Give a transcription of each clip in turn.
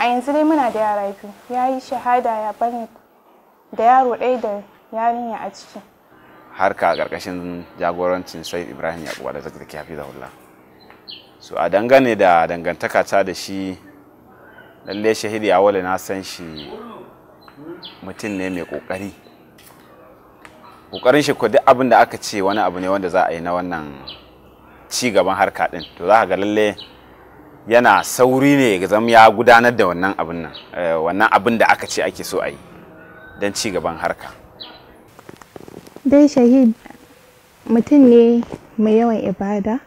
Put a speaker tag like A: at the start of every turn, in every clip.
A: a yanzu dai muna da yara biyu ya yi shahada ya bani da yaro ɗaya da yarinya a ciki
B: harka a ƙarƙashin jagorancin sai ibrahim kuwa da zaka hafi da so a dangane da dangantaka ta da shi lalle shahidi wale na san shi mutum ne mai ƙoƙari ƙoƙarin shi ko duk abin da aka ce wani abu ne wanda za a yi na wannan ci gaban harka ɗin to za ka ga lalle yana sauri ne ga zama ya gudanar da wannan abin nan eh, wannan abin da aka ce ake so a yi don ci gaban harka
A: dai shahid mutum ne mai yawan ibada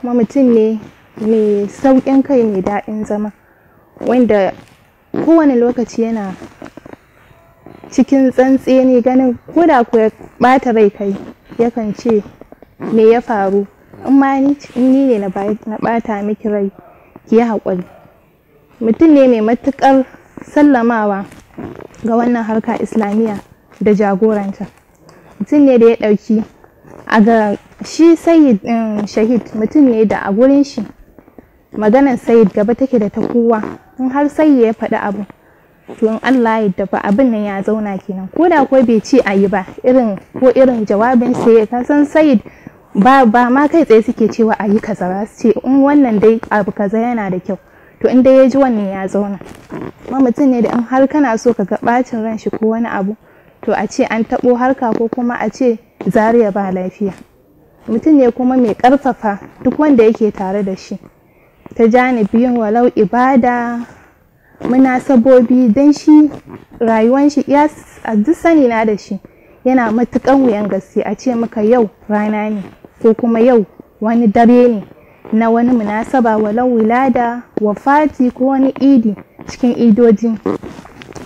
A: kuma mutum ne mai sauƙin kai mai daɗin zama wanda kowane lokaci yana cikin ne ganin koda da ya ɓata rai kai yakan ce me ya faru in ma ni ne na bata miki rai ki yi haƙuri mutum ne mai matuƙar sallamawa ga wannan harka islamiyya da jagoranta mutum ne da ya ɗauki a ga shi sayid eh, shahid mutum ne da a gurin shi maganar sayid gaba take da ta kowa in har sayi ya faɗi abu to in Allah ya dafa abin nan ya zauna kenan ko da ko bai ci a yi ba irin ko irin jawabin sai ka san sayid ba ba ma kai tsaye suke cewa a yi kaza ba su ce in wannan dai abu kaza yana da kyau to in dai ya ji wannan ya zauna ma mutum ne da in har kana so ka ga bacin ran shi ko wani abu to a ce an taɓo harka ko kuma a ce zariya ba lafiya mutum ne kuma mai ƙarfafa duk wanda yake tare da shi ta biyun walau ibada munasabobi don shi rayuwan shi ya a duk sani na da shi yana matukan wuyan gaske a ce maka yau rana ne ko kuma yau wani dare ne na wani munasaba walau wilada wafati ko wani idi cikin idoji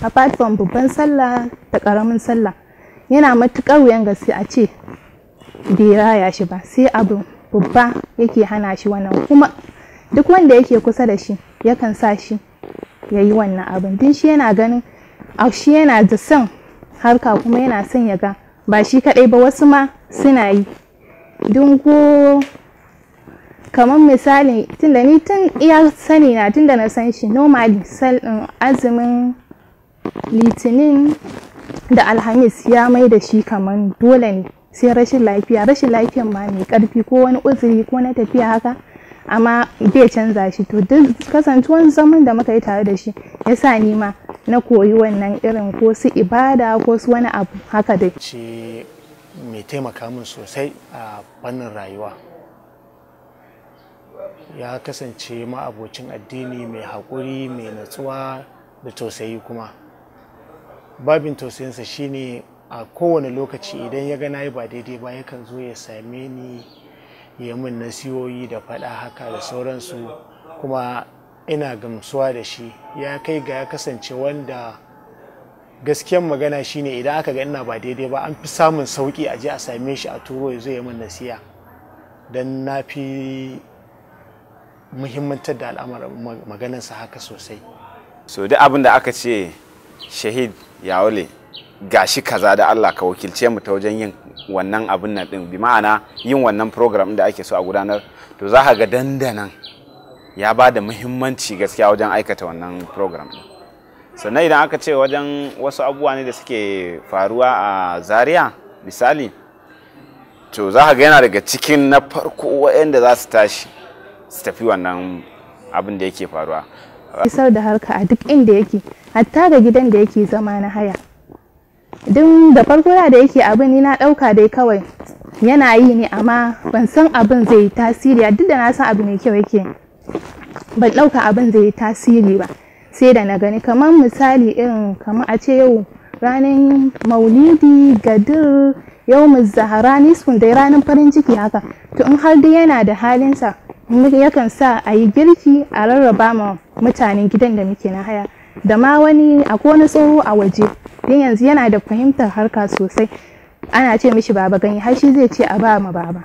A: apart from babban sallah da karamin sallah yana matuƙar wuyan gaske a ce bai raya shi ba sai abu babba yake hana shi wannan kuma duk wanda yake kusa da shi yakan sa shi ya yi wannan abin din shi yana ganin shi yana da son harka kuma yana son ya ga ba shi kaɗai ba wasu ma suna yi don ko kamar misali tunda ni tun iya sani na tunda na san shi normally eh, azumin litinin da alhamis ya mai da shi kamar dole ne sai rashin lafiya rashin lafiyan ma mai karfi ko wani uzuri ko na tafiya haka amma bai canza shi to duk kasancewar zaman da muka yi tare da shi ya sa ni ma na koyi wannan irin ko su ibada ko su wani abu haka da
C: mai taimaka min sosai a fannin rayuwa ya kasance ma'abocin addini mai haƙuri mai natsuwa da tausayi kuma babin tausayinsa shine a kowane lokaci idan ya gana yi ba daidai ba yakan zo ya same ni ya min nasiyoyi da faɗa haka da sauransu kuma ina gamsuwa da shi ya kai ga ya kasance wanda gaskiyar magana shine idan aka ga ina ba daidai ba an fi samun sauki a je a same shi a turo ya zo ya min nasiya don na fi muhimmantar da al'amarin maganarsa haka sosai
B: so duk abin da aka ce shahid yawale gashi kaza da Allah ka wakilce mu ta wajen yin wannan abin nan din bi ma'ana yin wannan program da ake so a gudanar to za ka ga dandanan ya ba da muhimmanci gaskiya wajen aikata wannan program din sannan idan aka ce wajen wasu abubuwa ne da suke faruwa a zaria misali to za ga yana daga cikin na farko da za su tashi su tafi wannan abin da yake faruwa isar
A: da harka a duk inda yake hatta da gidan da yake zama na haya duk da farko da yake abin ni na ɗauka dai kawai yana yi ne amma ban san abin zai yi tasiri duk da na san abu mai kyau yake ban ɗauka abin zai yi tasiri ba sai da na gani kamar misali irin kamar a ce yau ranar maulidi gadir yau zahara nisfun dai ranar farin ciki haka to in har dai yana da halinsa yakan sa a yi girki a rarraba ma mutanen gidan da muke na haya da ma wani a wani tsoro a waje din yanzu yana da fahimtar harka sosai ana ce mishi baba gani har shi zai ce a ba ma baba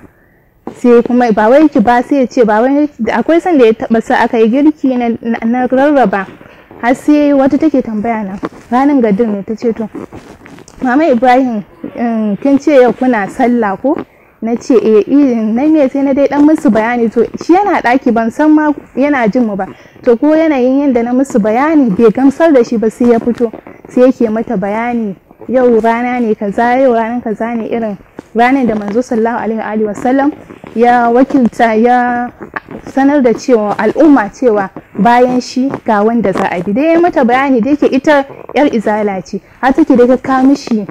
A: sai kuma ba wai ki ba sai ya ce ba wai akwai sanda ya taba sa aka yi girki na rarraba har sai wata take tambaya na ranar gadin ne ta ce to mama ibrahim kin ce yau kuna sallah ko na ce eh na me sai na dai dan musu bayani to shi yana daki ban san ma yana jin mu ba to ko yanayin yanda na musu bayani bai gamsar da shi ba sai ya fito sai yake mata bayani yau rana ne kaza yau ranar kaza ne irin ranar da manzo sallallahu alaihi wa sallam ya wakilta ya sanar da cewa al'umma cewa bayan shi ga wanda za a bi dai mata bayani da yake ita yar izala ce har take da ka mishi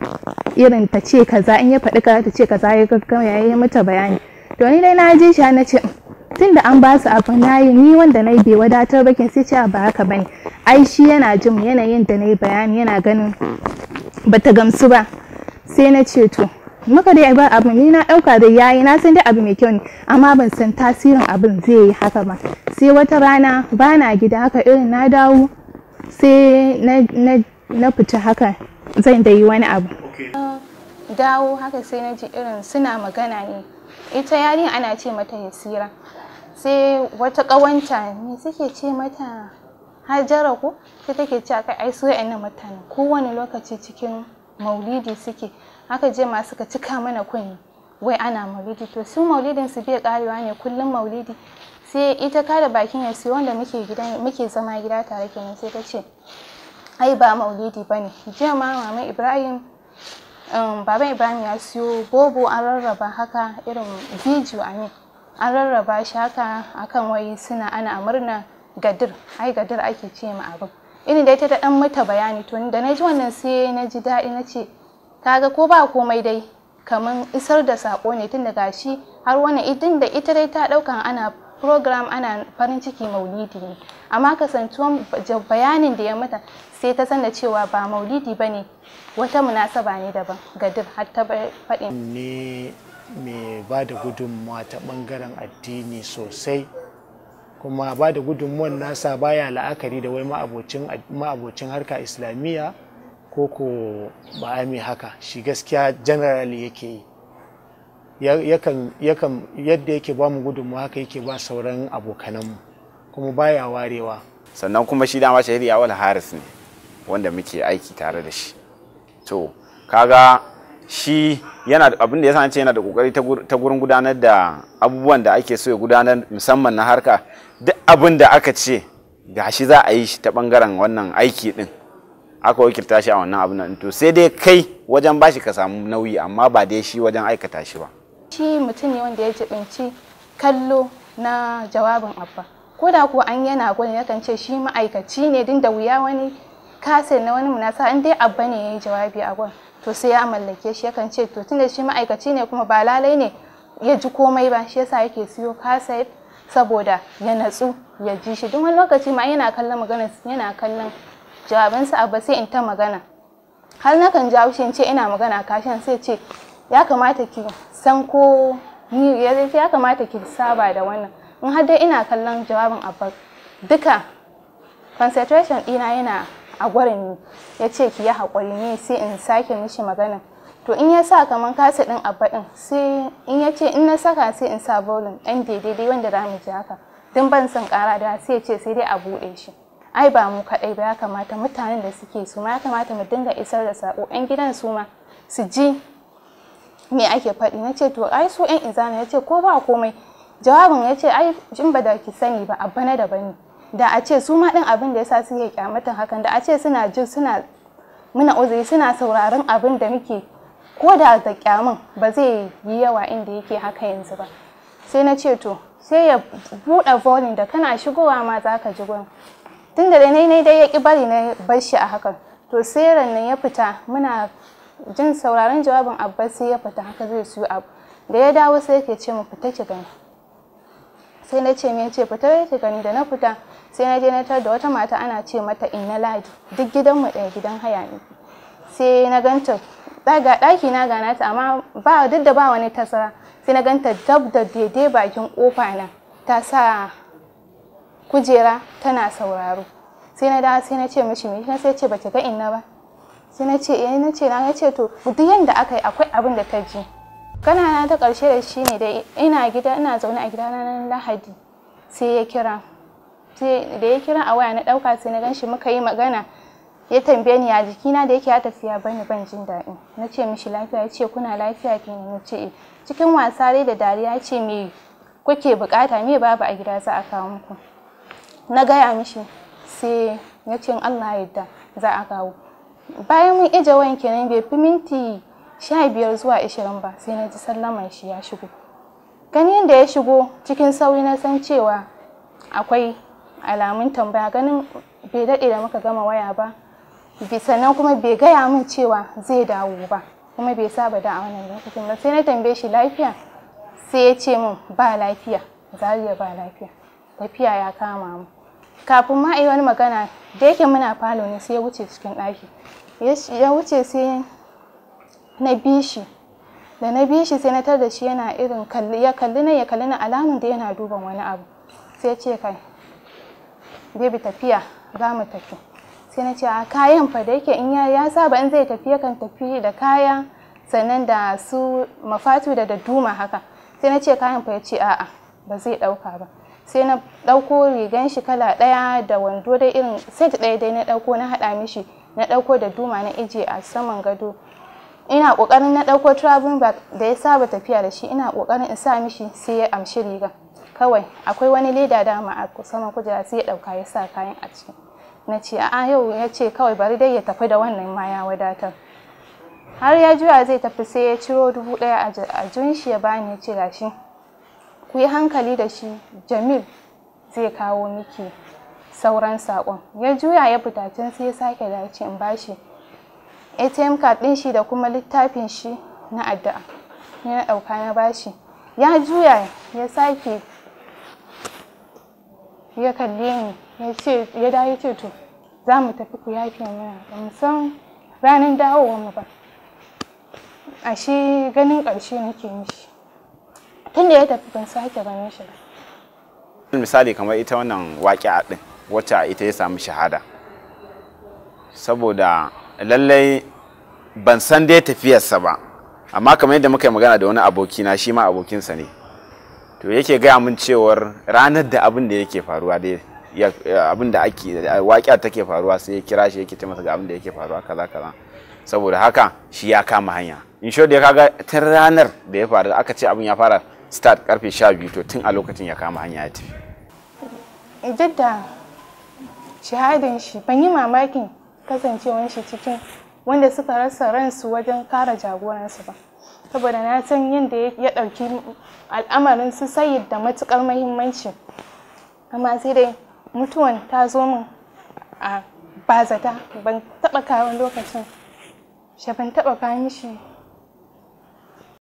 A: irin ta ce kaza in ya faɗi kaza ta ce kaza ya gaggawa ya mata bayani to ni dai na je shi na ce tun da an ba su abu na yi ni wanda na yi bai wadatar bakin sai ce ba haka ba ai shi yana jin yanayin da na yi bayani yana ganin ba ta gamsu ba sai na ce to maka dai ba abu ni na dauka da yayi na san dai abu mai kyau ne amma ban san tasirin abin zai yi haka ba sai wata rana bana gida haka irin na dawo sai na fita haka zan da yi wani abu dawo haka sai na ji irin suna magana ne ita yari ana ce mata yasira sai wata kawanta ne suke ce mata hajara ko sai take ce kai ai su mutane kowane lokaci cikin maulidi suke haka masu suka cika mana kunni wai ana maulidi to su maulidin su bai karewa ne kullum maulidi sai ita kada bakin ya siyo wanda muke gida muke zama gida tare kenan sai ta ce ai ba maulidi bane jiya ma mama Ibrahim um, baban Ibrahim ya siyo bobo an rarraba haka irin video a an rarraba shi haka akan wai suna ana murna gadir ai gadir ake ce ma abin irin dai ita ta dan mata bayani to da na ji wannan sai na ji daɗi na ce kaga ko ba komai dai kamar isar da sako ne tun daga shi har wani idin da ita dai ta daukan ana program ana farin ciki maulidi ne amma kasantuwan bayanin da ya mata sai ta sanda cewa ba maulidi ba ne wata munasaba ne daban ga duk har ta faɗin
C: ne mai ba da gudunmawa ta ɓangaren addini sosai kuma ba da gudunmuwan nasa baya la'akari da wai ma'abocin harka islamiyya ko ko ba mai haka shi gaskiya general yake yi yadda yake ba mu gudunmu haka yake ba sauran abokananmu kuma baya warewa
B: sannan kuma shi dama ya yawal haris ne wanda muke aiki tare da shi to kaga shi yana abin da ya sanace yana da kokari ta gurin gudanar da abubuwan da ake so ya gudanar musamman na harka duk abin da aka ce ga shi za a yi shi ta bangaren wannan aiki din aka wakilta shi a wannan abin nan to sai dai kai wajen bashi ka samu nauyi amma ba dai shi wajen aikata shi ba
A: shi mutum ne wanda ya jibinci kallo na jawabin abba ko da kuwa an yana gwada yakan ce shi ma'aikaci ne din da wuya wani kase na wani munasa in dai abba ne ya yi jawabi a gwan to sai ya mallake shi yakan ce to tunda shi ma'aikaci ne kuma ba lalai ne ya ji komai ba shi yasa yake siyo kase saboda ya natsu ya ji shi duk wani lokaci ma yana kallon magana yana kallon sa abba sai in ta magana har nakan jawo shi ce ina magana kashin sai ce ya kamata ki san ko ni ya kamata ki saba da wannan in har dai ina kallon jawabin abba duka concentration ɗina yana a gwarin ya ce ki yi hakuri ne sai in sake mishi magana to in ya sa kamar kasa ɗin abba ɗin sai in ya ce in na saka sai in sa bolin ɗan daidai wanda za mu ji haka dan ban son ƙara da sai ya ce sai dai a buɗe shi ai ba mu kaɗai ba ya kamata mutanen da suke su ma ya kamata mu dinga isar da sako yan gidan su ma su ji me ake faɗi na ce to ai su yan izana ya ce ko ba komai jawabin yace ai jin ba da ki sani ba abba na daban ne da a ce su ma ɗin abin da yasa ke kyamatan hakan da a ce suna jin suna muna uzuri suna sauraron abin da muke ko da da kyamun ba zai yi yawa inda yake haka yanzu ba sai na ce to sai ya buɗe volume da kana shigowa ma zaka ji gurin tun da dai nai dai ya ki bari na bar shi a hakan to sai nan ya fita muna jin sauraron jawabin abbas sai ya fita haka zai siyo abu da ya dawo sai yake ce mu fita ki gani sai na ce me fita ki gani da na fita sai na je na tar da wata mata ana ce mata inna ladi duk gidanmu ɗaya gidan haya ne sai na ganta daga ɗaki na gana ta amma ba duk da ba wani tasara sai na ganta dab da daidai bakin kofa na ta sa kujera tana sauraro sai na dawo sai na ce mishi me sai ce bata ga inna ba sai na ce eh na ce na ce to duk yanda aka yi akwai abin da ta ji kana na ta karshe da shi ne dai ina gida ina zaune a gida na lahadi sai ya kira sai da ya kira a waya na dauka sai na ganshi muka yi magana ya tambaye ni ya jikina da yake ya tafiya bani ban jin daɗi na ce mishi lafiya ya ce kuna lafiya ke na ce eh. cikin wasa dai da dariya ce me kuke bukata me babu a gida za a kawo muku na gaya mishi sai ya ce allah yadda za a kawo bayan mun ije wanke nan, bai fi minti sha biyar zuwa ashirin ba sai na ji sallaman shi ya shigo ganin da ya shigo cikin sauri na san cewa akwai alamun tambaya ganin bai daɗe da muka gama waya ba sannan kuma bai gaya min cewa zai dawo ba kuma bai saba da wannan lokacin ba sai na tambaye shi lafiya sai ya ce min ba lafiya zariya ba lafiya tafiya ya kama mu kafin ma a yi wani magana da yake muna falo ne sai ya wuce cikin ɗaki ya wuce sai na bi shi da na bi shi sai na tar da shi yana irin ya kalli na ya kalli na alamun da yana duban wani abu sai ce kai baby tafiya za mu tafi sai na ce a kayan fa da yake in ya saba in zai tafi yakan tafi da kaya sannan da su mafatu da duma haka sai na ce kayan fa ya ce a'a ba zai ɗauka ba sai na ɗauko rigan shi kala ɗaya da wando dai irin set ɗaya dai na ɗauko na haɗa mishi na ɗauko da duma na ije a saman gado ina ƙoƙarin na ɗauko travel bag da ya saba tafiya da shi ina ƙoƙarin in sa mishi sai ya amshi rigan kawai akwai wani leda dama a saman kujera sai ya ɗauka ya sa kayan a ciki na ce a'a yau ya ce kawai bari dai ya tafi da wannan ma ya wadatar har ya juya zai tafi sai ya ciro dubu ɗaya a jun ya bani ya ce gashi ku yi hankali da shi jamil zai kawo miki sauran saƙon ya juya ya fita can sai ya sake dace in ba shi. atm card ɗin shi da kuma littafin shi na addu'a ni na ɗauka na ba shi. ya juya ya sake ya kalle ni ya ce ya dawo ya to za mu tafi ku yafe mana ban san ranar dawowar mu ba ashe ganin ƙarshe nake mishi tunda ya tafi ban sake ganin shi
B: ba misali kamar ita wannan a din wacce ita ya samu shahada saboda lallai ban san dai tafiyarsa ba amma kamar yadda muka yi magana da wani aboki na shi ma abokinsa ne to yake gaya min cewar ranar da abin da yake faruwa dai abin da ake ta take faruwa sai ya kira shi yake ce masa ga abin da yake faruwa kaza kaza saboda haka shi ya kama hanya in da ya kaga tun ranar da ya faru aka ce abin ya fara start karfe 12 to tun a lokacin ya kama hanya ya tafi
A: Jidda da shi ban yi mamakin kasancewan shi cikin wanda suka rasa ransu wajen kara jagoransu ba saboda na san yadda ya ɗauki al'amarin su sayid da matukar muhimmanci amma sai dai mutuwan ta zo min a bazata ban taɓa kawo lokacin shi ban taɓa kawo mishi